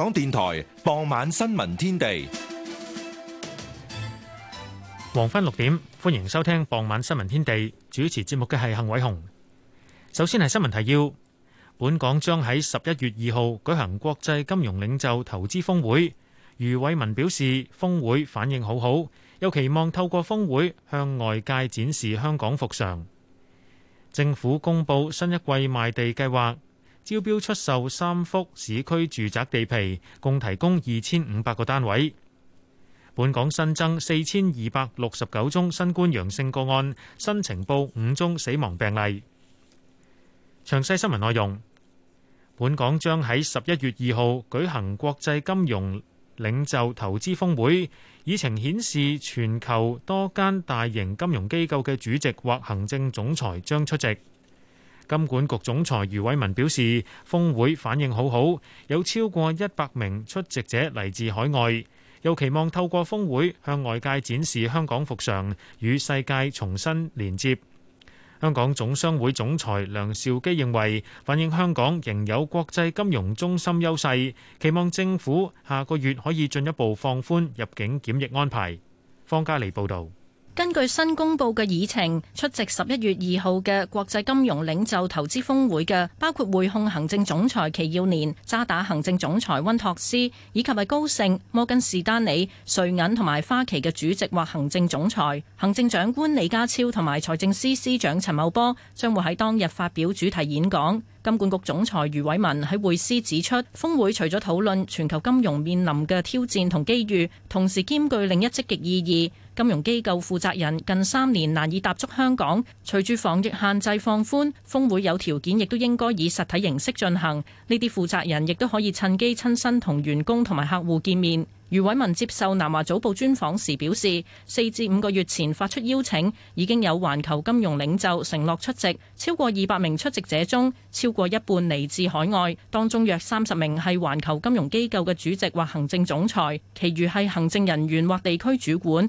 香港電台傍晚新聞天地，黃昏六點，歡迎收聽傍晚新聞天地。主持節目嘅係幸偉雄。首先係新聞提要：本港將喺十一月二號舉行國際金融領袖投資峰會。余偉文表示，峰會反應好好，又期望透過峰會向外界展示香港復常。政府公布新一季賣地計劃。招標出售三幅市區住宅地皮，共提供二千五百個單位。本港新增四千二百六十九宗新冠陽性個案，新情報五宗死亡病例。詳細新聞內容：本港將喺十一月二號舉行國際金融領袖投資峰會，議程顯示全球多間大型金融機構嘅主席或行政總裁將出席。金管局總裁余偉文表示，峰會反應好好，有超過一百名出席者嚟自海外，又期望透過峰會向外界展示香港復常與世界重新連接。香港總商會總裁梁兆基認為，反映香港仍有國際金融中心優勢，期望政府下個月可以進一步放寬入境檢疫安排。方家莉報道。根據新公布嘅議程，出席十一月二號嘅國際金融領袖投資峰會嘅，包括匯控行政總裁祁耀年、渣打行政總裁溫托斯，以及係高盛、摩根士丹利、瑞銀同埋花旗嘅主席或行政總裁。行政長官李家超同埋財政司司長陳茂波將會喺當日發表主題演講。金管局總裁余偉文喺會師指出，峰會除咗討論全球金融面臨嘅挑戰同機遇，同時兼具另一積極意義。金融機構負責人近三年難以踏足香港，隨住防疫限制放寬，峰會有條件亦都應該以實體形式進行。呢啲負責人亦都可以趁機親身同員工同埋客戶見面。余偉文接受南華早報專訪時表示，四至五個月前發出邀請，已經有環球金融領袖承諾出席。超過二百名出席者中，超過一半嚟自海外，當中約三十名係環球金融機構嘅主席或行政總裁，其餘係行政人員或地區主管。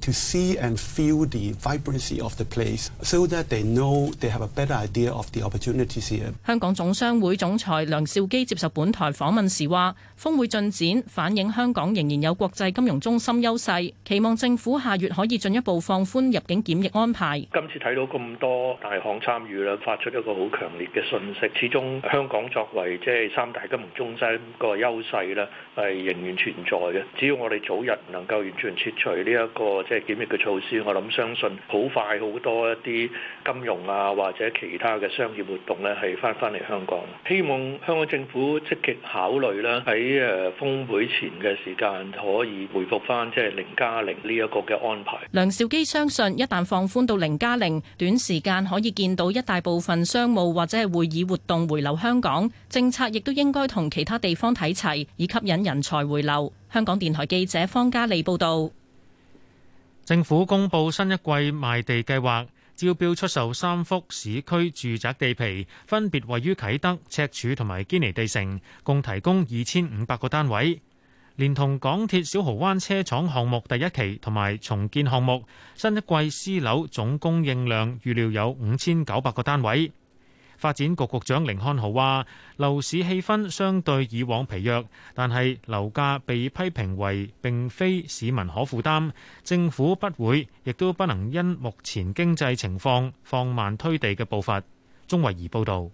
to see and feel the vibrancy of the place, so that they know they have a better idea of the opportunities here。香港總商會總裁梁兆基接受本台訪問時話，峰會進展反映香港仍然有國際金融中心優勢，期望政府下月可以進一步放寬入境檢疫安排。今次睇到咁多大行參與啦，發出一個好強烈嘅訊息。始終香港作為即係三大金融中心個優勢咧，係仍然存在嘅。只要我哋早日能夠完全撤除呢一個。即係檢疫嘅措施，我諗相信好快好多一啲金融啊或者其他嘅商業活動呢係翻翻嚟香港。希望香港政府積極考慮啦，喺誒峰會前嘅時間可以回覆翻即係零加零呢一個嘅安排。梁兆基相信，一旦放寬到零加零，短時間可以見到一大部分商務或者係會議活動回流香港。政策亦都應該同其他地方睇齊，以吸引人才回流。香港電台記者方嘉莉報道。政府公布新一季賣地計劃，招標出售三幅市區住宅地皮，分別位於啟德、赤柱同埋堅尼地城，共提供二千五百個單位。連同港鐵小蠔灣車廠項目第一期同埋重建項目，新一季私樓總供應量預料有五千九百個單位。發展局局長甯漢豪話：樓市氣氛相對以往疲弱，但係樓價被批評為並非市民可負擔。政府不會，亦都不能因目前經濟情況放慢推地嘅步伐。鍾慧儀報導，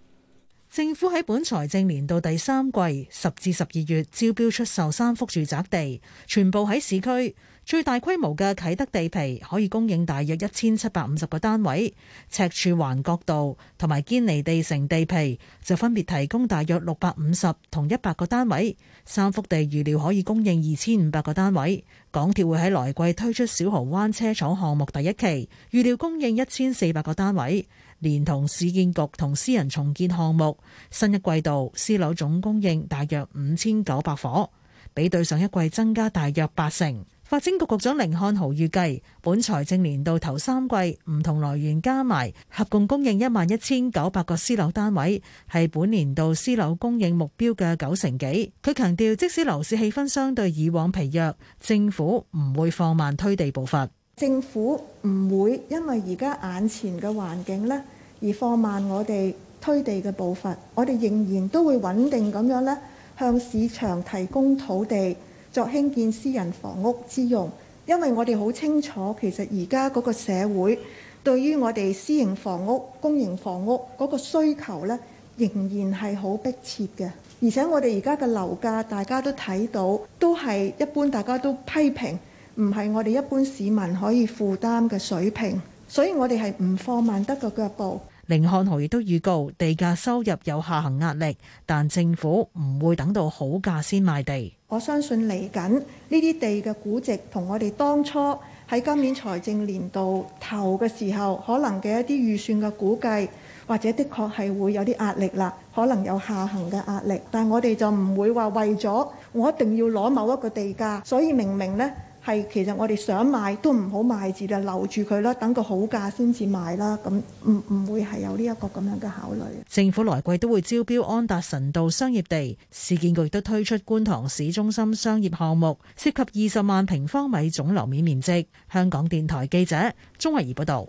政府喺本財政年度第三季十至十二月招標出售三幅住宅地，全部喺市區。最大規模嘅啟德地皮可以供應大約一千七百五十個單位，赤柱環角道同埋堅尼地城地皮就分別提供大約六百五十同一百個單位。三幅地預料可以供應二千五百個單位。港鐵會喺來季推出小蠔灣車廠項目第一期，預料供應一千四百個單位，連同市建局同私人重建項目，新一季度私樓總供應大約五千九百伙，比對上一季增加大約八成。發展局局長甯漢豪預計，本財政年度頭三季唔同來源加埋，合共供應一萬一千九百個私樓單位，係本年度私樓供應目標嘅九成幾。佢強調，即使樓市氣氛相對以往疲弱，政府唔會放慢推地步伐。政府唔會因為而家眼前嘅環境咧，而放慢我哋推地嘅步伐。我哋仍然都會穩定咁樣咧，向市場提供土地。作興建私人房屋之用，因為我哋好清楚，其實而家嗰個社會對於我哋私營房屋、公營房屋嗰個需求咧，仍然係好迫切嘅。而且我哋而家嘅樓價，大家都睇到都係一般，大家都批評唔係我哋一般市民可以負擔嘅水平，所以我哋係唔放慢得個腳步。凌漢豪亦都預告地價收入有下行壓力，但政府唔會等到好價先賣地。我相信嚟緊呢啲地嘅估值同我哋當初喺今年財政年度頭嘅時候可能嘅一啲預算嘅估計，或者的確係會有啲壓力啦，可能有下行嘅壓力。但我哋就唔會話為咗我一定要攞某一個地價，所以明明呢。係，其實我哋想賣都唔好賣住，就留住佢啦，等個好價先至賣啦。咁唔唔會係有呢一個咁樣嘅考慮。政府來季都會招標安達臣道商業地，市建局亦都推出觀塘市中心商業項目，涉及二十萬平方米總樓面面積。香港電台記者鍾慧儀報道。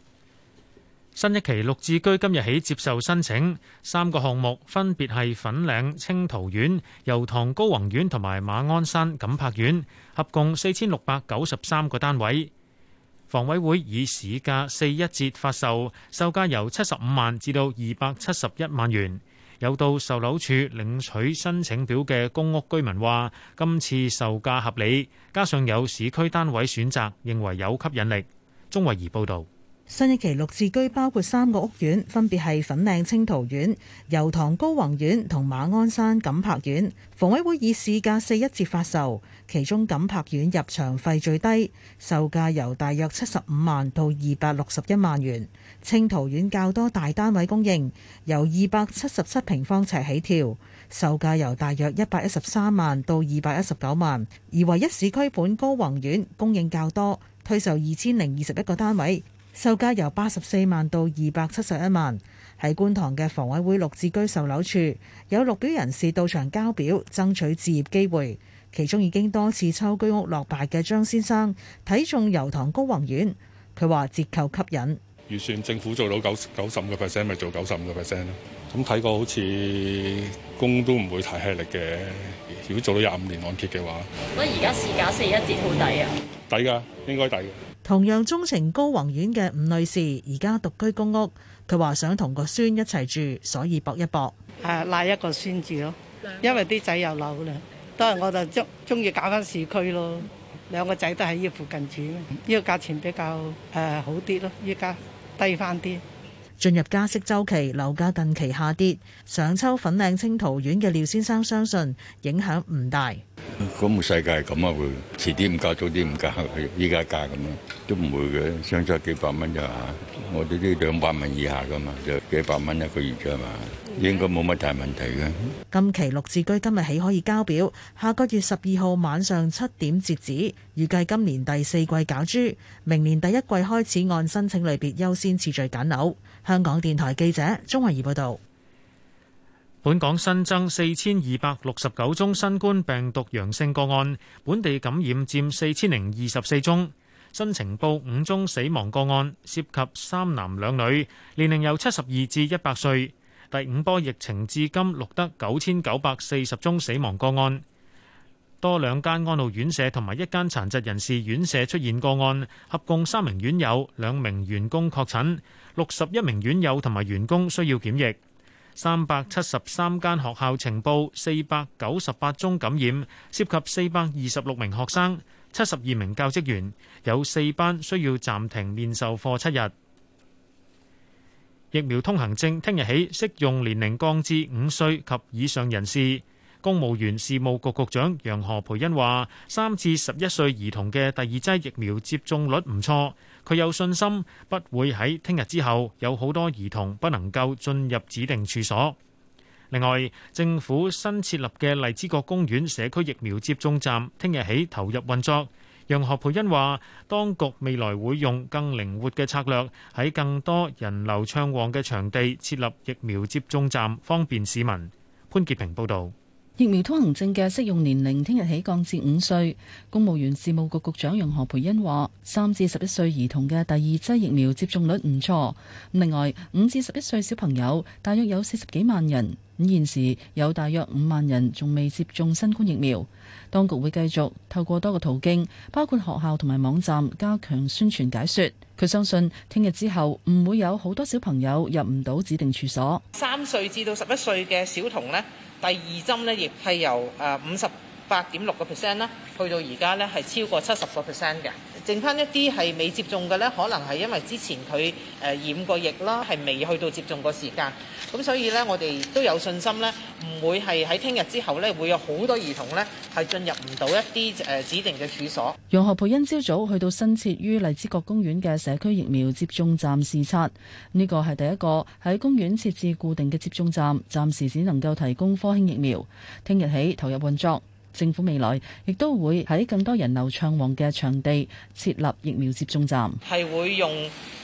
新一期六字居今日起接受申請，三個項目分別係粉嶺清濤苑、油塘高宏苑同埋馬鞍山錦柏苑，合共四千六百九十三個單位。房委會以市價四一折發售，售價由七十五萬至到二百七十一萬元。有到售樓處領取申請表嘅公屋居民話，今次售價合理，加上有市區單位選擇，認為有吸引力。鍾慧儀報道。新一期綠置居包括三個屋苑，分別係粉嶺清濤苑、油塘高宏苑同馬鞍山錦柏苑。房委會以市價四一折發售，其中錦柏苑入場費最低，售價由大約七十五萬到二百六十一萬元。清濤苑較多大單位供應，由二百七十七平方尺起跳，售價由大約一百一十三萬到二百一十九萬，而唯一市區盤高宏苑供應較多，推售二千零二十一個單位。售價由八十四萬到二百七十一萬，喺觀塘嘅房委會綠置居售樓處有綠表人士到場交表爭取置業機會，其中已經多次抽居屋落敗嘅張先生睇中油塘高宏苑，佢話折扣吸引。預算政府做到九九十五個 percent，咪做九十五個 percent，咁睇過好似供都唔會太吃力嘅，如果做到廿五年按揭嘅話。我覺得而家市價四一折好抵啊！抵㗎，應該抵。同樣鍾情高宏苑嘅吳女士，而家獨居公屋。佢話想同個孫一齊住，所以搏一搏，係賴、啊、一個孫住咯。因為啲仔有樓啦，當然我就中中意搞翻市區咯。兩個仔都喺呢附近住，呢、呢個價錢比較誒好啲咯。依家低翻啲。進入加息周期，樓價近期下跌。上秋粉嶺青桃苑嘅廖先生相信影響唔大。咁個世界係咁啊，會遲啲唔加，早啲唔加，依家加咁樣。都唔會嘅，相差幾百蚊咋？我哋啲兩百蚊以下噶嘛，就幾百蚊一個月啫嘛，應該冇乜大問題嘅。今期綠置居今日起可以交表，下個月十二號晚上七點截止，預計今年第四季攪珠，明年第一季開始按申請類別優先次序揀樓。香港電台記者鍾慧儀報導。本港新增四千二百六十九宗新冠病毒陽性個案，本地感染佔四千零二十四宗。新呈報五宗死亡個案，涉及三男兩女，年齡由七十二至一百歲。第五波疫情至今錄得九千九百四十宗死亡個案，多兩間安老院舍同埋一間殘疾人士院舍出現個案，合共三名院友、兩名員工確診，六十一名院友同埋員工需要檢疫。三百七十三間學校呈報四百九十八宗感染，涉及四百二十六名學生，七十二名教職員，有四班需要暫停面授課七日。疫苗通行證聽日起適用年齡降至五歲及以上人士。公務員事務局局，局長楊何培恩話，三至十一歲兒童嘅第二劑疫苗接種率唔錯，佢有信心不會喺聽日之後有好多兒童不能夠進入指定處所。另外，政府新設立嘅荔枝角公園社區疫苗接種站，聽日起投入運作。楊學培恩話：當局未來會用更靈活嘅策略，喺更多人流暢旺嘅場地設立疫苗接種站，方便市民。潘潔平報導。疫苗通行證嘅適用年齡聽日起降至五歲。公務員事務局局，局長楊何培恩話：三至十一歲兒童嘅第二劑疫苗接種率唔錯。另外，五至十一歲小朋友大約有四十幾萬人，咁現時有大約五萬人仲未接種新冠疫苗。當局會繼續透過多個途徑，包括學校同埋網站加強宣傳解說。佢相信聽日之後唔會有好多小朋友入唔到指定處所。三歲至到十一歲嘅小童呢，第二針呢亦係由誒五十八點六個 percent 啦，去到而家呢係超過七十個 percent 嘅。剩翻一啲係未接種嘅呢，可能係因為之前佢誒染過疫啦，係未去到接種個時間，咁所以呢，我哋都有信心呢，唔會係喺聽日之後呢，會有好多兒童呢，係進入唔到一啲誒指定嘅處所。楊何蓓茵今朝早，早去到新設於荔枝角公園嘅社區疫苗接種站視察，呢個係第一個喺公園設置固定嘅接種站，暫時只能夠提供科興疫苗，聽日起投入運作。政府未來亦都會喺更多人流暢旺嘅場地設立疫苗接種站，係會用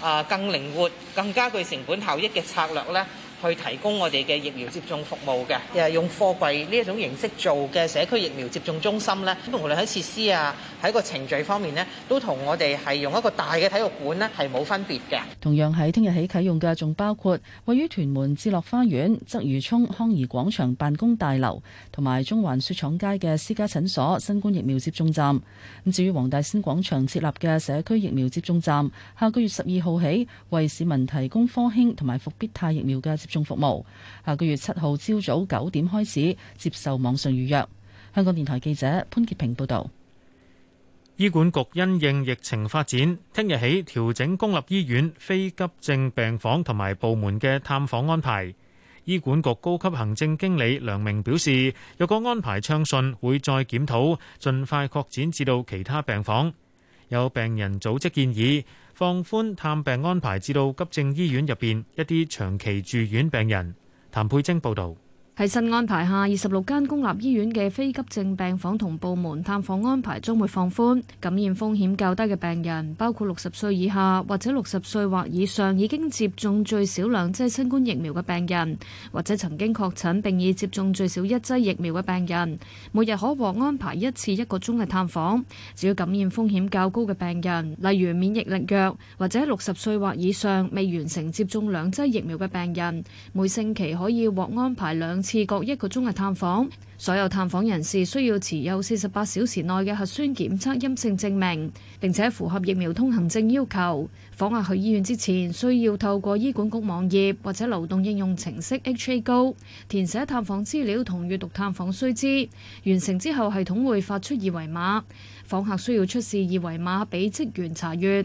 啊更靈活、更加具成本效益嘅策略呢，去提供我哋嘅疫苗接種服務嘅，又係用貨櫃呢一種形式做嘅社區疫苗接種中心咧，無論喺設施啊，喺個程序方面咧，都同我哋係用一個大嘅體育館咧係冇分別嘅。同樣喺聽日起啟用嘅，仲包括位於屯門置樂花園鰂魚涌康怡廣場辦公大樓同埋中環雪廠街嘅私家診所新冠疫苗接種站。咁至於黃大仙廣場設立嘅社區疫苗接種站，下個月十二號起為市民提供科興同埋復必泰疫苗嘅接中服務，下個月七號朝早九點開始接受網上預約。香港電台記者潘潔平報道。醫管局因應疫情發展，聽日起調整公立醫院非急症病房同埋部門嘅探訪安排。醫管局高級行政經理梁明表示，若果安排暢順，會再檢討，盡快擴展至到其他病房。有病人組織建議放寬探病安排，至到急症醫院入邊一啲長期住院病人。譚佩晶報導。喺新安排下，二十六間公立醫院嘅非急症病房同部門探訪安排將會放寬。感染風險較低嘅病人，包括六十歲以下或者六十歲或以上已經接種最少兩劑新冠疫苗嘅病人，或者曾經確診並已接種最少一劑疫苗嘅病人，每日可獲安排一次一個鐘嘅探訪。只要感染風險較高嘅病人，例如免疫力弱，或者六十歲或以上未完成接種兩劑疫苗嘅病人，每星期可以獲安排兩次各一個鐘嘅探訪，所有探訪人士需要持有四十八小時內嘅核酸檢測陰性證明，並且符合疫苗通行證要求。訪客去醫院之前，需要透過醫管局網頁或者流動應用程式 HA Go 填寫探訪資料同閱讀探訪須知，完成之後系統會發出二維碼，訪客需要出示二維碼俾職員查閱。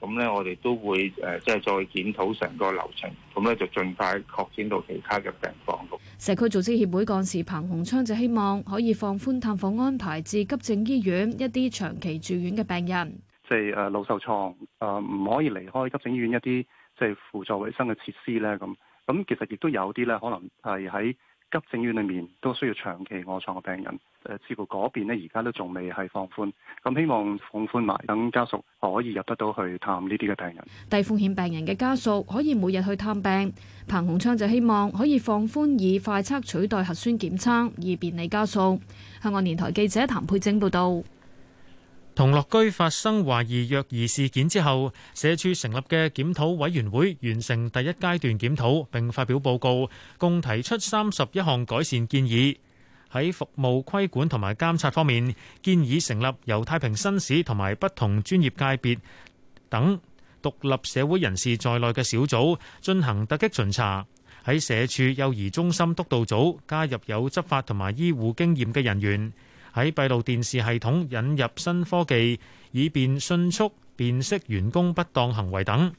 咁咧、嗯，我哋都會誒，即、呃、係再檢討成個流程，咁、嗯、咧就盡快擴展到其他嘅病房。社區組織協會幹事彭洪昌就希望可以放寬探訪安排至急症醫院一啲長期住院嘅病人，即係誒腦受創誒唔、啊、可以離開急症醫院一啲即係輔助衞生嘅設施咧。咁咁其實亦都有啲咧，可能係喺。急症院裏面都需要長期臥床嘅病人，誒、呃，似乎嗰邊咧而家都仲未係放寬，咁、嗯、希望放寬埋，等家屬可以入得到去探呢啲嘅病人。低風險病人嘅家屬可以每日去探病。彭洪昌就希望可以放寬以快測取代核酸檢測，以便利家屬。香港電台記者譚佩晶報道。同樂居發生懷疑虐兒事件之後，社署成立嘅檢討委員會完成第一階段檢討並發表報告，共提出三十一項改善建議。喺服務規管同埋監察方面，建議成立由太平紳士同埋不同專業界別等獨立社會人士在內嘅小組進行突擊巡查。喺社署幼兒中心督導組加入有執法同埋醫護經驗嘅人員。喺閉路電視系統引入新科技，以便迅速辨識員工不當行為等。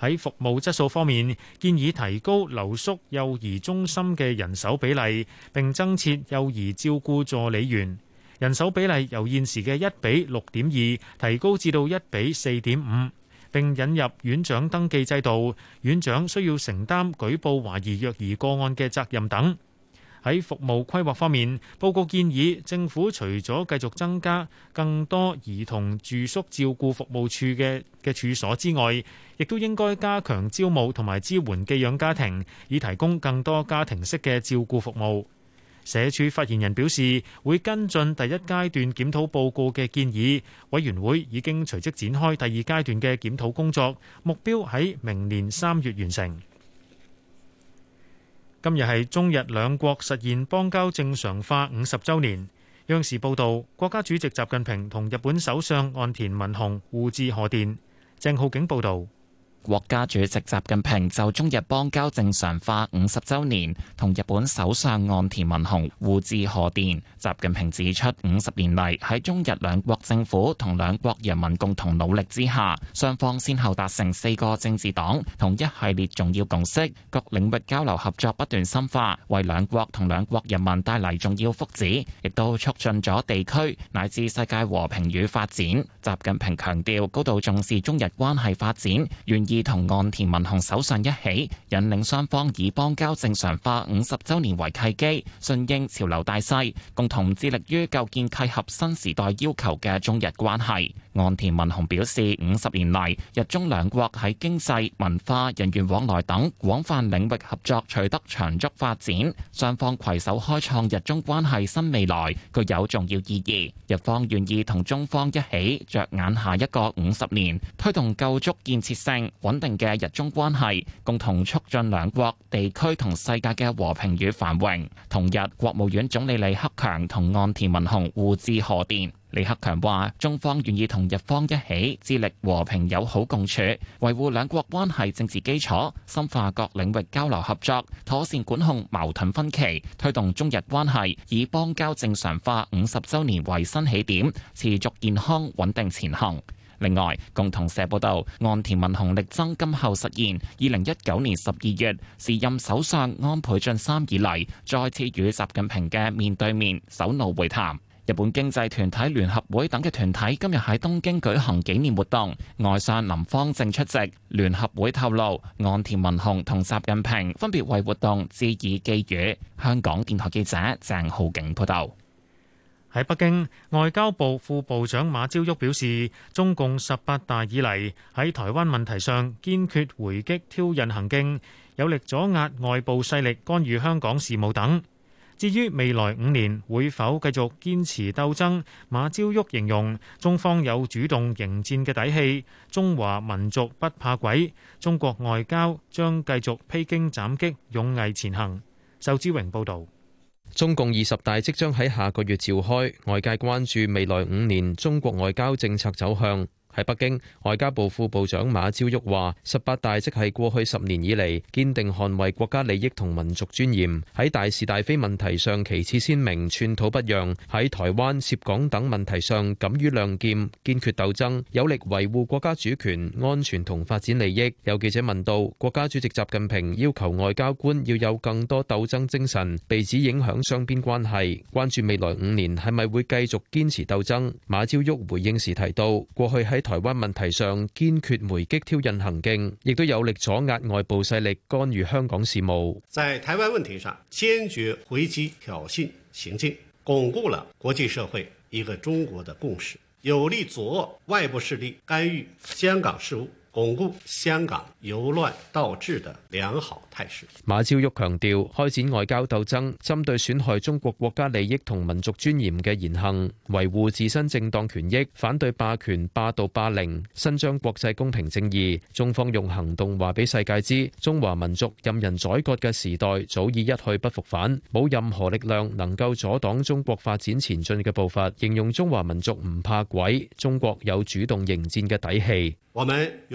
喺服務質素方面，建議提高留宿幼兒中心嘅人手比例，並增設幼兒照顧助理員。人手比例由現時嘅一比六點二提高至到一比四點五。並引入院長登記制度，院長需要承擔舉報懷疑虐兒個案嘅責任等。喺服務規劃方面，報告建議政府除咗繼續增加更多兒童住宿照顧服務處嘅嘅處所之外，亦都應該加強招募同埋支援寄養家庭，以提供更多家庭式嘅照顧服務。社署發言人表示，會跟進第一階段檢討報告嘅建議，委員會已經隨即展開第二階段嘅檢討工作，目標喺明年三月完成。今日係中日兩國實現邦交正常化五十週年。央視報導，國家主席習近平同日本首相岸田文雄互致賀電。鄭浩景報導。國家主席習近平就中日邦交正常化五十週年，同日本首相岸田文雄互致賀電。習近平指出，五十年嚟，喺中日兩國政府同兩國人民共同努力之下，雙方先後達成四個政治黨同一系列重要共識，各領域交流合作不斷深化，為兩國同兩國人民帶嚟重要福祉，亦都促進咗地區乃至世界和平與發展。習近平強調，高度重視中日關係發展，願而同岸田文雄首相一起，引領雙方以邦交正常化五十周年為契機，順應潮流大勢，共同致力於構建契合新時代要求嘅中日關係。岸田文雄表示，五十年嚟，日中兩國喺經濟、文化、人員往來等廣泛領域合作取得長足發展，雙方攜手開創日中關係新未來具有重要意義，日方願意同中方一起着眼下一個五十年，推動構築建設性、穩定嘅日中關係，共同促進兩國地區同世界嘅和平與繁榮，同日，國務院總理李克強同岸田文雄互致賀電。李克強話：中方願意同日方一起致力和平友好共處，維護兩國關係政治基礎，深化各領域交流合作，妥善管控矛盾分歧，推動中日關係以邦交正常化五十週年為新起點，持續健康穩定前行。另外，共同社報道，岸田文雄力爭今後實現二零一九年十二月，時任首相安倍晉三以嚟再次與習近平嘅面對面首腦會談。日本經濟團體聯合會等嘅團體今日喺東京舉行紀念活動，外相林芳正出席。聯合會透露，岸田文雄同習近平分別為活動致以寄語。香港電台記者鄭浩景報道。喺北京，外交部副部長馬朝旭表示，中共十八大以嚟喺台灣問題上堅決回擊挑釁行徑，有力阻壓外部勢力干預香港事務等。至於未來五年會否繼續堅持鬥爭？馬朝旭形容中方有主動迎戰嘅底氣，中華民族不怕鬼，中國外交將繼續披荊斬棘，勇毅前行。仇志榮報導。中共二十大即將喺下個月召開，外界關注未來五年中國外交政策走向。喺北京，外交部副部長馬朝旭話：十八大即係過去十年以嚟，堅定捍衛國家利益同民族尊嚴，喺大是大非問題上旗幟鮮明、寸土不讓；喺台灣、涉港等問題上敢於亮劍、堅決鬥爭，有力維護國家主權、安全同發展利益。有記者問到，國家主席習近平要求外交官要有更多鬥爭精神，被指影響雙邊關係，關注未來五年係咪會繼續堅持鬥爭。馬朝旭回應時提到，過去喺台灣問題上堅決回擊挑釁行徑，亦都有力阻壓外部勢力干預香港事務。在台灣問題上，堅決回擊挑釁行徑，鞏固了國際社會一個中國的共識，有力阻遏外部勢力干預香港事務。鞏固香港由亂到治的良好態勢。馬朝旭強調，開展外交鬥爭，針對損害中國國家利益同民族尊嚴嘅言行，維護自身正當權益，反對霸權、霸道、霸凌，伸張國際公平正義。中方用行動話俾世界知，中華民族任人宰割嘅時代早已一去不復返，冇任何力量能夠阻擋中國發展前進嘅步伐。形容中華民族唔怕鬼，中國有主動迎戰嘅底氣。我哋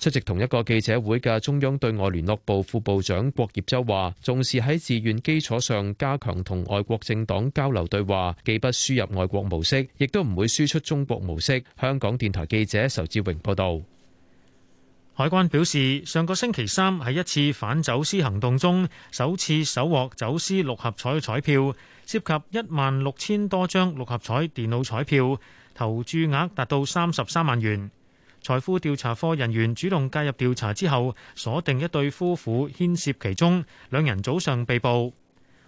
出席同一個記者會嘅中央對外聯絡部副部長郭業洲話，重視喺自願基礎上加強同外國政黨交流對話，既不輸入外國模式，亦都唔會輸出中國模式。香港電台記者仇志榮報道。海關表示，上個星期三喺一次反走私行動中，首次搜獲走私六合彩彩票，涉及一萬六千多張六合彩電腦彩票，投注額達到三十三萬元。財富調查科人員主動介入調查之後，鎖定一對夫婦牽涉其中，兩人早上被捕。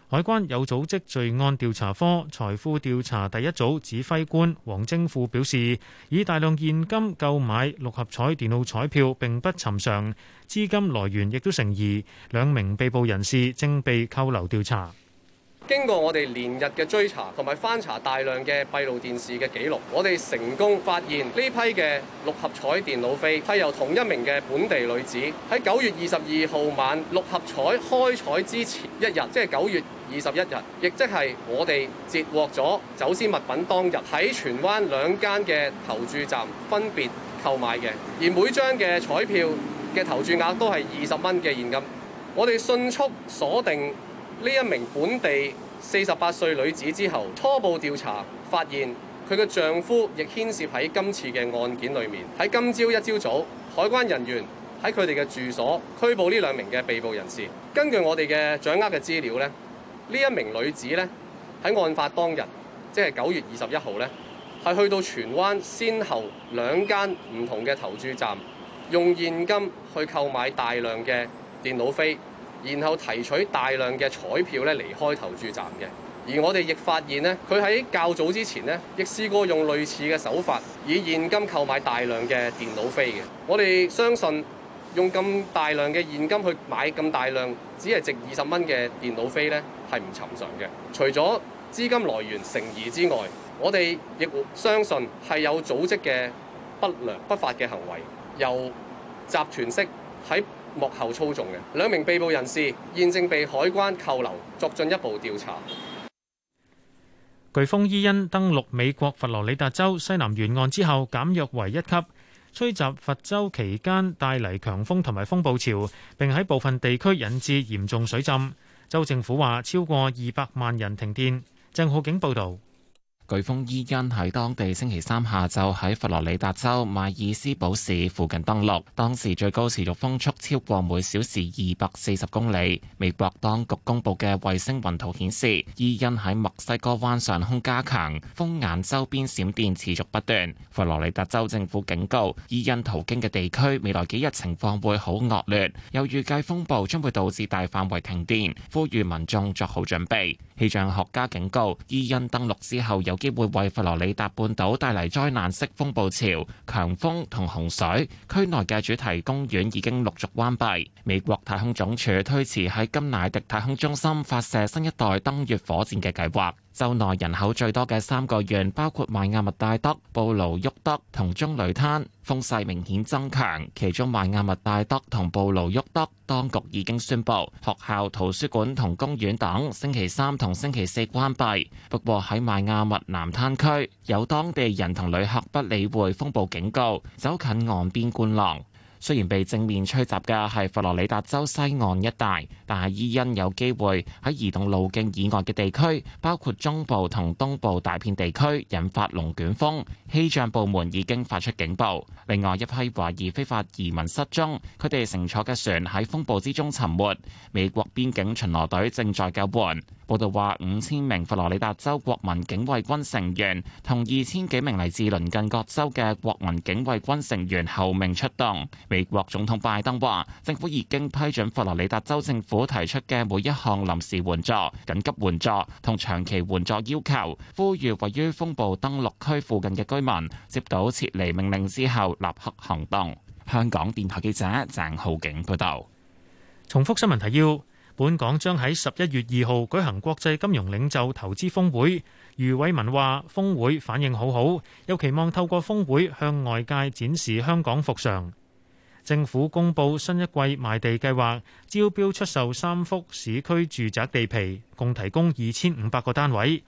海關有組織罪案調查科財富調查第一組指揮官黃正富表示，以大量現金購買六合彩電腦彩票並不尋常，資金來源亦都成疑，兩名被捕人士正被扣留調查。經過我哋連日嘅追查同埋翻查大量嘅閉路電視嘅記錄，我哋成功發現呢批嘅六合彩電腦飛，係由同一名嘅本地女子喺九月二十二號晚六合彩開彩之前一日，即係九月二十一日，亦即係我哋截獲咗走私物品當日，喺荃灣兩間嘅投注站分別購買嘅，而每張嘅彩票嘅投注額都係二十蚊嘅現金。我哋迅速鎖定。呢一名本地四十八歲女子之後，初步調查發現佢嘅丈夫亦牽涉喺今次嘅案件裏面。喺今朝一朝早，海關人員喺佢哋嘅住所拘捕呢兩名嘅被捕人士。根據我哋嘅掌握嘅資料咧，呢一名女子咧喺案發當日，即係九月二十一號咧，係去到荃灣，先後兩間唔同嘅投注站，用現金去購買大量嘅電腦票。然後提取大量嘅彩票咧離開投注站嘅，而我哋亦發現呢，佢喺較早之前呢，亦試過用類似嘅手法以現金購買大量嘅電腦飛嘅。我哋相信用咁大量嘅現金去買咁大量只係值二十蚊嘅電腦飛呢，係唔尋常嘅。除咗資金來源成疑之外，我哋亦相信係有組織嘅不良不法嘅行為，由集團式喺。幕後操縱嘅兩名被捕人士現正被海關扣留作進一步調查。颶風伊恩登陸美國佛羅里達州西南沿岸之後減弱為一級，吹襲佛州期間帶嚟強風同埋風暴潮，並喺部分地區引致嚴重水浸。州政府話超過二百萬人停電。鄭浩景報道。颶風伊恩喺當地星期三下晝喺佛羅里達州邁爾斯堡市附近登陸，當時最高持續風速超過每小時二百四十公里。美國當局公布嘅衛星雲圖顯示，伊恩喺墨西哥灣上空加強，風眼周邊閃電持續不斷。佛羅里達州政府警告，伊恩途經嘅地區未來幾日情況會好惡劣，又預計風暴將會導致大範圍停電，呼籲民眾作好準備。氣象學家警告，伊恩登陸之後有機會為佛羅里達半島帶嚟災難式風暴潮、強風同洪水。區內嘅主題公園已經陸續關閉。美國太空總署推遲喺甘迺迪太空中心發射新一代登月火箭嘅計劃。州內人口最多嘅三個縣包括邁亞密戴德、布勞沃德同中雷灘，風勢明顯增強。其中邁亞密戴德同布勞沃德當局已經宣布學校、圖書館同公園等星期三同星期四關閉。不過喺邁亞密南灘區，有當地人同旅客不理會風暴警告，走近岸邊觀浪。雖然被正面吹襲嘅係佛羅里達州西岸一帶，但係伊恩有機會喺移動路徑以外嘅地區，包括中部同東部大片地區引發龍捲風。氣象部門已經發出警報。另外一批懷疑非法移民失蹤，佢哋乘坐嘅船喺風暴之中沉沒。美國邊境巡邏隊正在救援。報道話，五千名佛羅里達州國民警衛軍成員同二千幾名嚟自鄰近各州嘅國民警衛軍成員候命出動。美國總統拜登話，政府已經批准佛羅里達州政府提出嘅每一項臨時援助、緊急援助同長期援助要求，呼籲位於風暴登陸區附近嘅居民接到撤離命令之後，立刻行動。香港電台記者鄭浩景報道。重複新聞提要：本港將喺十一月二號舉行國際金融領袖投資峰會。余偉文話，峰會反應好好，又期望透過峰會向外界展示香港復常。政府公布新一季賣地計劃，招標出售三幅市區住宅地皮，共提供二千五百個單位。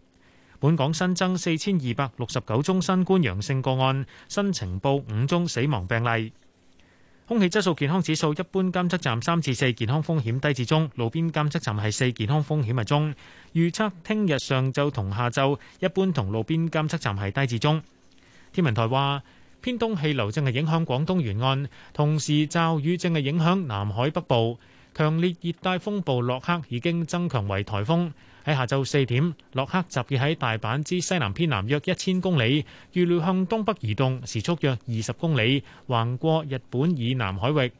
本港新增四千二百六十九宗新冠陽性個案，新呈報五宗死亡病例。空氣質素健康指數，一般監測站三至四，健康風險低至中；路邊監測站係四，健康風險係中。預測聽日上晝同下晝，一般同路邊監測站係低至中。天文台話。偏東氣流正係影響廣東沿岸，同時驟雨正係影響南海北部。強烈熱帶風暴洛克已經增強為颱風，喺下晝四點，洛克集結喺大阪之西南偏南約一千公里，預料向東北移動，時速約二十公里，橫過日本以南海域。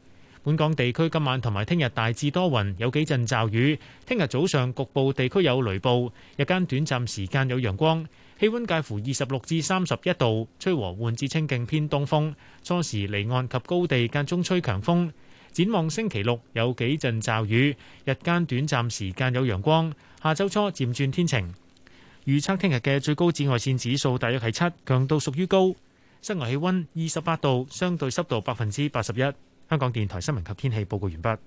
本港地區今晚同埋聽日大致多雲，有幾陣驟雨。聽日早上局部地區有雷暴，日間短暫時間有陽光。氣溫介乎二十六至三十一度，吹和緩至清勁偏東風。初時離岸及高地間中吹強風。展望星期六有幾陣驟雨，日間短暫時間有陽光。下周初漸轉天晴。預測聽日嘅最高紫外線指數大約係七，強度屬於高。室外氣溫二十八度，相對濕度百分之八十一。香港電台新聞及天氣報告完畢。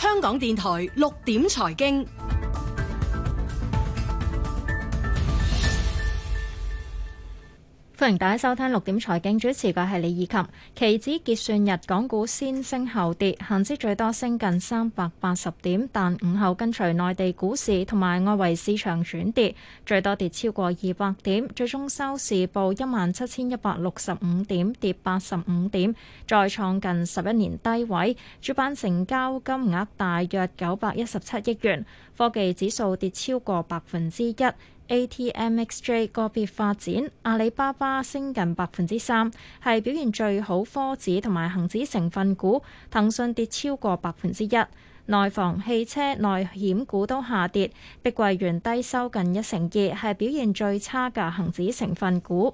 香港電台六點財經。歡迎大家收聽六點財經，主持嘅係李以琴。期指結算日，港股先升後跌，恒指最多升近三百八十點，但午後跟隨內地股市同埋外圍市場轉跌，最多跌超過二百點，最終收市報一萬七千一百六十五點，跌八十五點，再創近十一年低位。主板成交金額大約九百一十七億元，科技指數跌超過百分之一。ATMXJ 個別發展，阿里巴巴升近百分之三，係表現最好科指同埋恒指成分股。騰訊跌超過百分之一，內房、汽車、內險股都下跌。碧桂園低收近一成二，係表現最差嘅恒指成分股。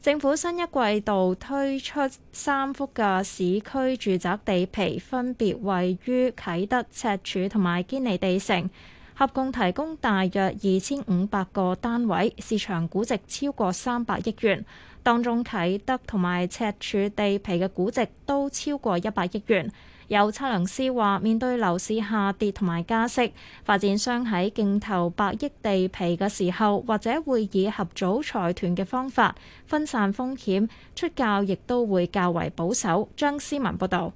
政府新一季度推出三幅嘅市區住宅地皮，分別位於啟德、赤柱同埋堅尼地城。合共提供大約二千五百個單位，市場估值超過三百億元。當中啟德同埋赤柱地皮嘅估值都超過一百億元。有測量師話，面對樓市下跌同埋加息，發展商喺競投百億地皮嘅時候，或者會以合組財團嘅方法分散風險，出價亦都會較為保守。張思文報道。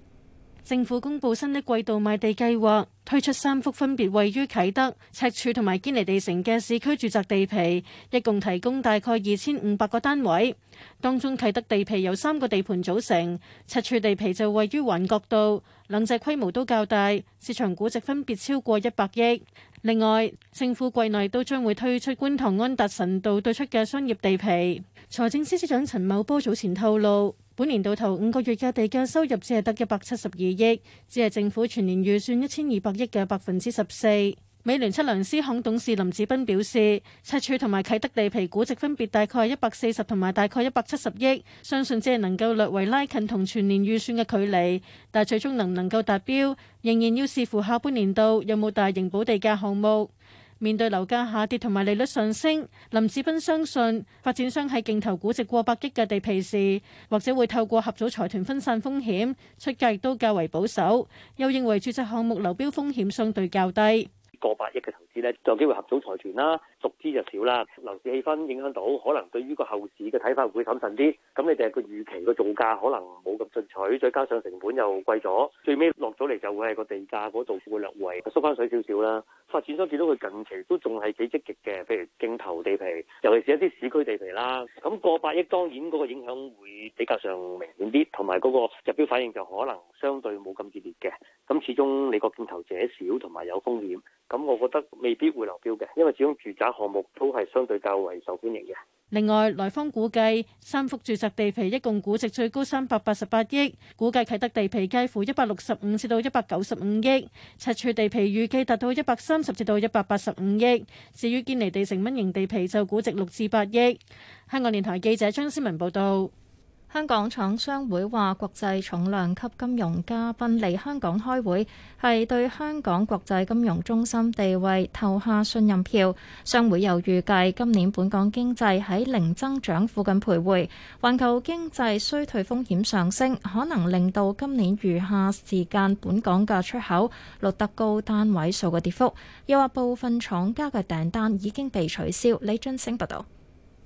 政府公布新一季度賣地計劃，推出三幅分別位於啟德、赤柱同埋堅尼地城嘅市區住宅地皮，一共提供大概二千五百個單位。當中啟德地皮由三個地盤組成，赤柱地皮就位於環角道，兩者規模都較大，市場估值分別超過一百億。另外，政府季內都將會推出觀塘安達臣道對出嘅商業地皮。財政司司長陳茂波早前透露。本年到頭五個月嘅地價收入只係得一百七十二億，只係政府全年預算一千二百億嘅百分之十四。美聯測量師行董事林子斌表示，赤柱同埋啟德地皮估值分別大概一百四十同埋大概一百七十億，相信只係能夠略為拉近同全年預算嘅距離，但最終能唔能夠達標，仍然要視乎下半年度有冇大型補地價項目。面對樓價下跌同埋利率上升，林志斌相信發展商喺競投估值過百億嘅地皮時，或者會透過合組財團分散風險，出價亦都較為保守。又認為住宅項目流標風險相對較低。過百億嘅投資呢，就有機會合組財團啦，贖資就少啦。樓市氣氛影響到，可能對於個後市嘅睇法會謹慎啲。咁你哋個預期個造價可能冇咁進取，再加上成本又貴咗，最尾落咗嚟就會係個地價嗰度，那個、會略為縮翻水少少啦。發展商見到佢近期都仲係幾積極嘅，譬如競投地皮，尤其是一啲市區地皮啦。咁過百億當然嗰個影響會比較上明顯啲，同埋嗰個入標反應就可能相對冇咁熱烈嘅。咁始終你個競投者少，同埋有風險，咁我覺得未必會流標嘅，因為始終住宅項目都係相對較為受歡迎嘅。另外，來方估計三幅住宅地皮一共估值最高三百八十八億，估計啟德地皮介乎一百六十五至到一百九十五億，赤柱地皮預計達到一百三十至到一百八十五億，至於堅尼地城蚊型地皮就估值六至八億。香港電台記者張思文報道。香港廠商會話國際重量級金融嘉賓嚟香港開會，係對香港國際金融中心地位投下信任票。商會又預計今年本港經濟喺零增長附近徘徊，環球經濟衰退風險上升，可能令到今年餘下時間本港嘅出口錄得高單位數嘅跌幅。又話部分廠家嘅訂單已經被取消。李津升報導。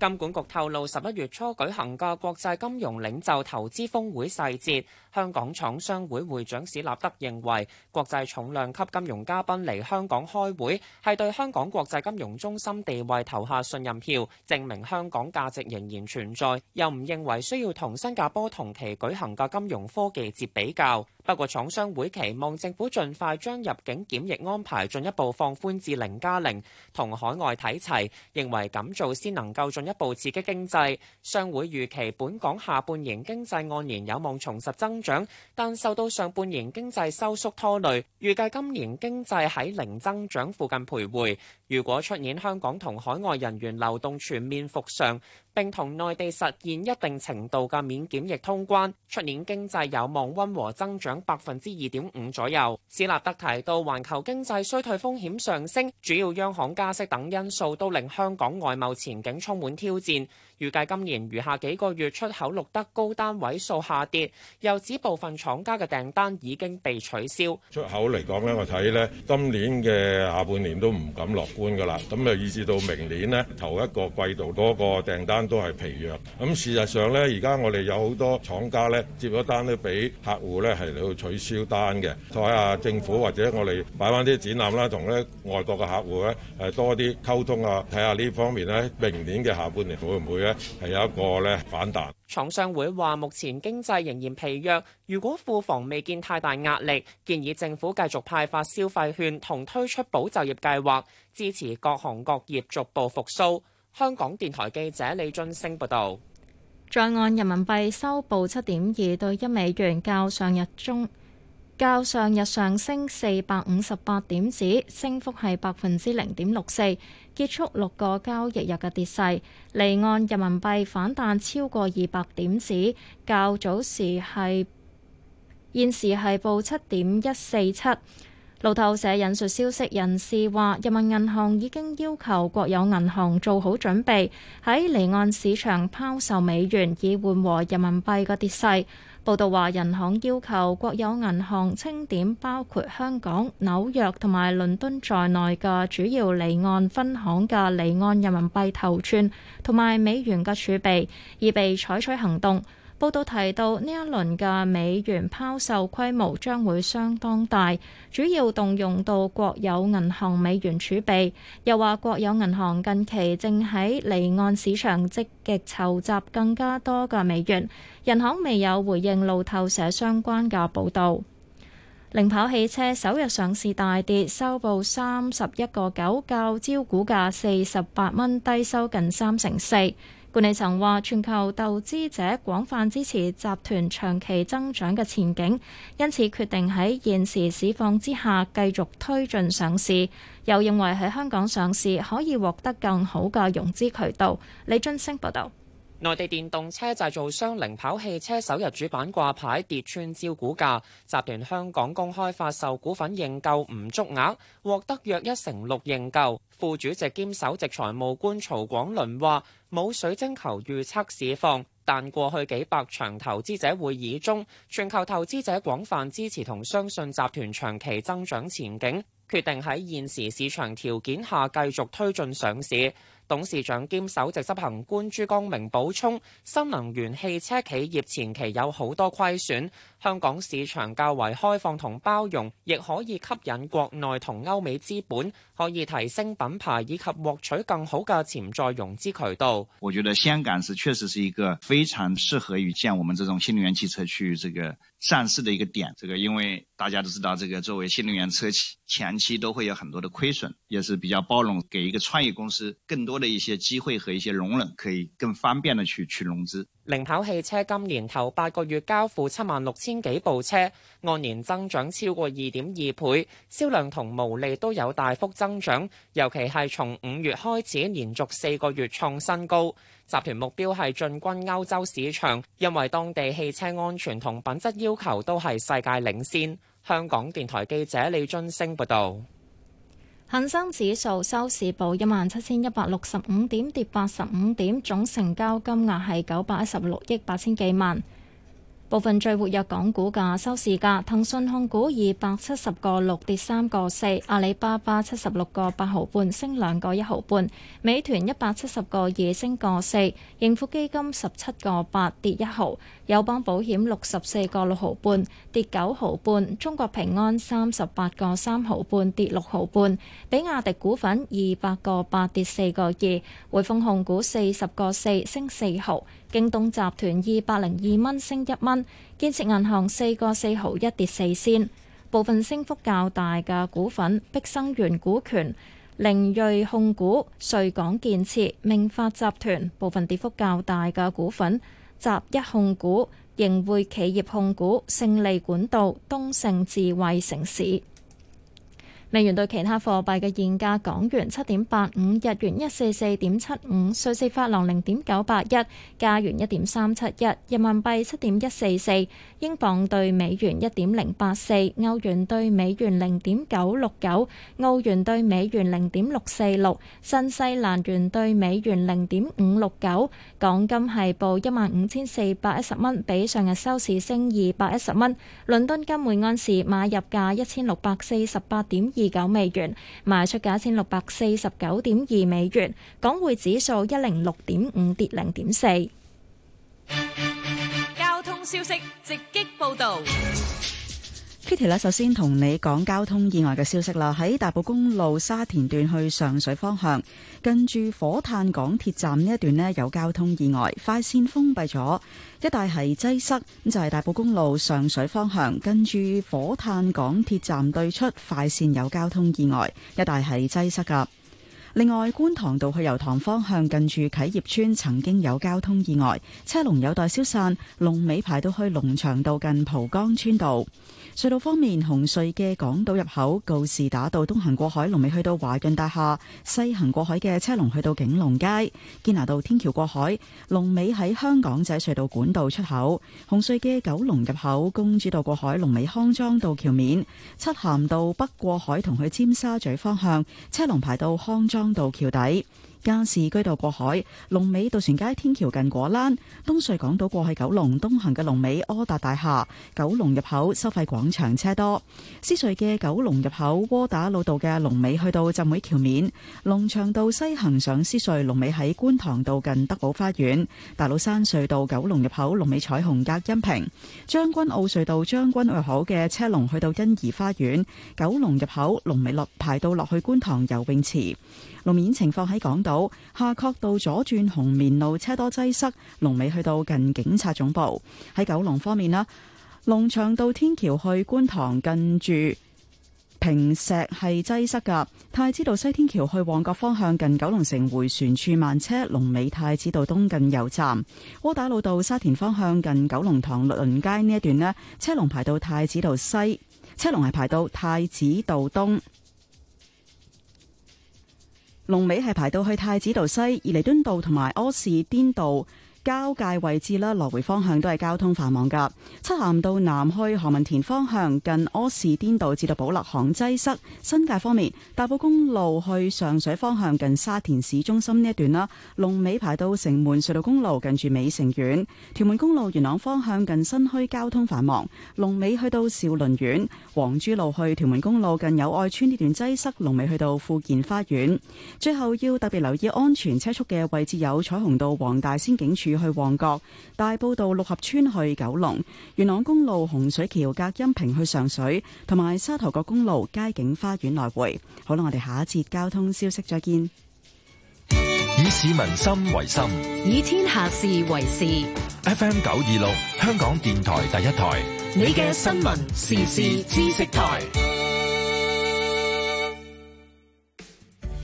金管局透露十一月初舉行嘅國際金融領袖投資峰會細節，香港廠商會會長史立德認為，國際重量級金融嘉賓嚟香港開會，係對香港國際金融中心地位投下信任票，證明香港價值仍然存在。又唔認為需要同新加坡同期舉行嘅金融科技節比較。不過，廠商會期望政府盡快將入境檢疫安排進一步放寬至零加零同海外睇齊，認為咁做先能夠進一步刺激經濟。商會預期本港下半年經濟按年有望重拾增長，但受到上半年經濟收縮拖累，預計今年經濟喺零增長附近徘徊。如果出現香港同海外人員流動全面復常，並同內地實現一定程度嘅免檢疫通關，出年經濟有望溫和增長百分之二點五左右。史立德提到，環球經濟衰退風險上升，主要央行加息等因素都令香港外貿前景充滿挑戰。預計今年餘下幾個月出口錄得高單位數下跌，又指部分廠家嘅訂單已經被取消。出口嚟講咧，我睇咧今年嘅下半年都唔敢樂觀噶啦。咁啊，以至到明年咧，頭一個季度多個訂單都係疲弱。咁事實上咧，而家我哋有好多廠家咧接咗單都俾客戶咧係嚟到取消單嘅。睇下政府或者我哋擺翻啲展覽啦，同咧外國嘅客戶咧係多啲溝通啊，睇下呢方面咧，明年嘅下半年會唔會咧，係有一個咧反彈。廠商會話，目前經濟仍然疲弱，如果庫房未見太大壓力，建議政府繼續派發消費券同推出保就業計劃，支持各行各業逐步復甦。香港電台記者李津升報道，在岸人民幣收報七點二對一美元，較上日中。較上日上升四百五十八點指，升幅係百分之零點六四，結束六個交易日嘅跌勢。離岸人民幣反彈超過二百點指，較早時係現時係報七點一四七。路透社引述消息人士話，人民銀行已經要求國有銀行做好準備，喺離岸市場拋售美元，以緩和人民幣嘅跌勢。報道話，人行要求國有銀行清點包括香港、紐約同埋倫敦在內嘅主要離岸分行嘅離岸人民幣頭寸同埋美元嘅儲備，以備採取行動。報道提到，呢一輪嘅美元拋售規模將會相當大，主要動用到國有銀行美元儲備。又話國有銀行近期正喺離岸市場積極籌集更加多嘅美元。人行未有回應路透社相關嘅報導。零跑汽車首日上市大跌，收報三十一個九，較招股價四十八蚊低收近三成四。管理層話，全球投資者廣泛支持集團長期增長嘅前景，因此決定喺現時市況之下繼續推進上市。又認為喺香港上市可以獲得更好嘅融資渠道。李俊升報道。內地電動車製造商零跑汽車首日主板掛牌跌穿招股價，集團香港公開發售股份認購唔足額，獲得約一成六認購。副主席兼首席財務官曹廣倫話：冇水晶球預測市況，但過去幾百場投資者會議中，全球投資者廣泛支持同相信集團長期增長前景。決定喺現時市場條件下繼續推進上市。董事長兼首席執行官朱光明補充，新能源汽車企業前期有好多虧損，香港市場較為開放同包容，亦可以吸引國內同歐美資本，可以提升品牌以及獲取更好嘅潛在融資渠道。我覺得香港是確實是一個非常適合於將我們這種新能源汽車去這個上市的一個點。這個因為大家都知道，這個作為新能源車企前期都會有很多的虧損，也是比較包容，給一個創業公司更多的一些機會和一些容忍，可以更方便的去去融資。零跑汽車今年頭八個月交付七萬六千幾部車，按年增長超過二點二倍，銷量同毛利都有大幅增長，尤其係從五月開始，連續四個月創新高。集團目標係進軍歐洲市場，因為當地汽車安全同品質要求都係世界領先。香港電台記者李俊升報道，恒生指數收市報一萬七千一百六十五點，跌八十五點，總成交金額係九百一十六億八千幾萬。部分最活躍港股價收市價：騰訊控股二百七十個六跌三個四，阿里巴巴七十六個八毫半升兩個一毫半，美團一百七十個二升個四，盈富基金十七個八跌一毫，友邦保險六十四個六毫半跌九毫半，中國平安三十八個三毫半跌六毫半，比亞迪股份二百個八跌四個二，匯豐控股四十個四升四毫，京東集團二百零二蚊升一蚊。建設銀行四個四毫一跌四仙，部分升幅較大嘅股份：碧生源股權、凌銳控股、瑞港建設、明發集團；部分跌幅較大嘅股份：集一控股、盈匯企業控股、勝利管道、東盛智慧城市。美元對其他貨幣嘅現價：港元七點八五，日元一四四點七五，瑞士法郎零點九八一，加元一點三七一，人民幣七點一四四，英鎊對美元一點零八四，歐元對美元零點九六九，澳元對美元零點六四六，新西蘭元對美元零點五六九。港金係報一萬五千四百一十蚊，比上日收市升二百一十蚊。倫敦金每盎司買入價一千六百四十八點二。二九美元，賣出價一千六百四十九點二美元，港匯指數一零六點五跌零點四。交通消息直擊報道。Kitty，首先同你講交通意外嘅消息啦。喺大埔公路沙田段去上水方向，跟住火炭港鐵站呢一段呢，有交通意外，快綫封閉咗，一帶係擠塞。咁就係、是、大埔公路上水方向跟住火炭港鐵站對出快綫有交通意外，一帶係擠塞噶。另外，觀塘道去油塘方向近住啟業村，曾經有交通意外，車龍有待消散，龍尾排到去龍翔道近蒲崗村道。隧道方面，紅隧嘅港島入口告士打道東行過海，龍尾去到華潤大廈；西行過海嘅車龍去到景隆街，堅拿道天橋過海，龍尾喺香港仔隧道管道出口。紅隧嘅九龍入口公主道過海，龍尾康莊道橋面；漆咸道北過海同去尖沙咀方向，車龍排到康莊。康道橋底。加士居道過海，龍尾渡船街天橋近果欄；東隧港島過去九龍東行嘅龍尾柯達大廈，九龍入口收費廣場車多。獅隧嘅九龍入口窩打老道嘅龍尾去到浸會橋面，龍翔道西行上獅隧龍尾喺觀塘道近德寶花園。大老山隧道九龍入口龍尾彩虹隔音屏。將軍澳隧道將軍入口嘅車龍去到欣怡花園，九龍入口龍尾落排到落去觀塘游泳池，路面情況喺港島。夏慤道左轉紅棉路車多擠塞，龍尾去到近警察總部。喺九龍方面啦，龍翔道天橋去觀塘近住平石係擠塞噶，太子道西天橋去旺角方向近九龍城回旋處慢車，龍尾太子道東近油站，窩打老道沙田方向近九龍塘倫街呢一段呢，車龍排到太子道西，車龍係排到太子道東。龍尾係排到去太子道西、彌敦道同埋柯士甸道交界位置啦，來回方向都係交通繁忙噶。漆咸道南去何文田方向近柯士甸道至到寶勒巷擠塞。新界方面，大埔公路去上水方向近沙田市中心呢一段啦，龍尾排到城門隧道公路近住美城苑。屯門公路元朗方向近新墟，交通繁忙，龍尾去到兆麟苑。黃珠路去屯門公路近友愛村呢段擠塞，龍尾去到富健花園。最後要特別留意安全車速嘅位置有彩虹道黃大仙警署。要去旺角、大埔道六合村去九龍、元朗公路洪水橋隔音屏去上水，同埋沙頭角公路佳景花園來回。好啦，我哋下一節交通消息再見。以市民心為心，以天下事為事。FM 九二六，香港電台第一台，你嘅新聞時事知識台。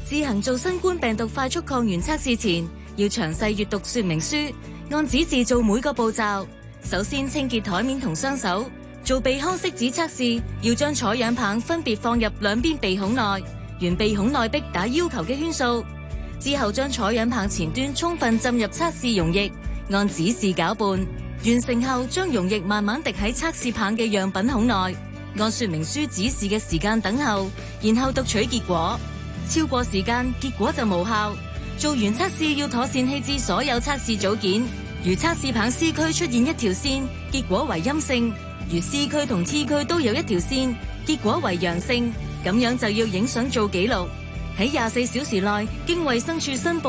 自行做新冠病毒快速抗原測試前。要詳細閱讀說明書，按指示做每個步驟。首先清潔台面同雙手，做鼻腔拭子測試。要將採樣棒分別放入兩邊鼻孔內，沿鼻孔內壁打要求嘅圈數。之後將採樣棒前端充分浸入測試溶液，按指示攪拌。完成後將溶液慢慢滴喺測試棒嘅樣品孔內，按說明書指示嘅時間等候，然後讀取結果。超過時間，結果就無效。做完測試要妥善棄置所有測試組件。如測試棒 C 區出現一條線，結果為陰性；如 C 區同 T 區都有一條線，結果為陽性。咁樣就要影相做記錄，喺廿四小時內經衛生署申報。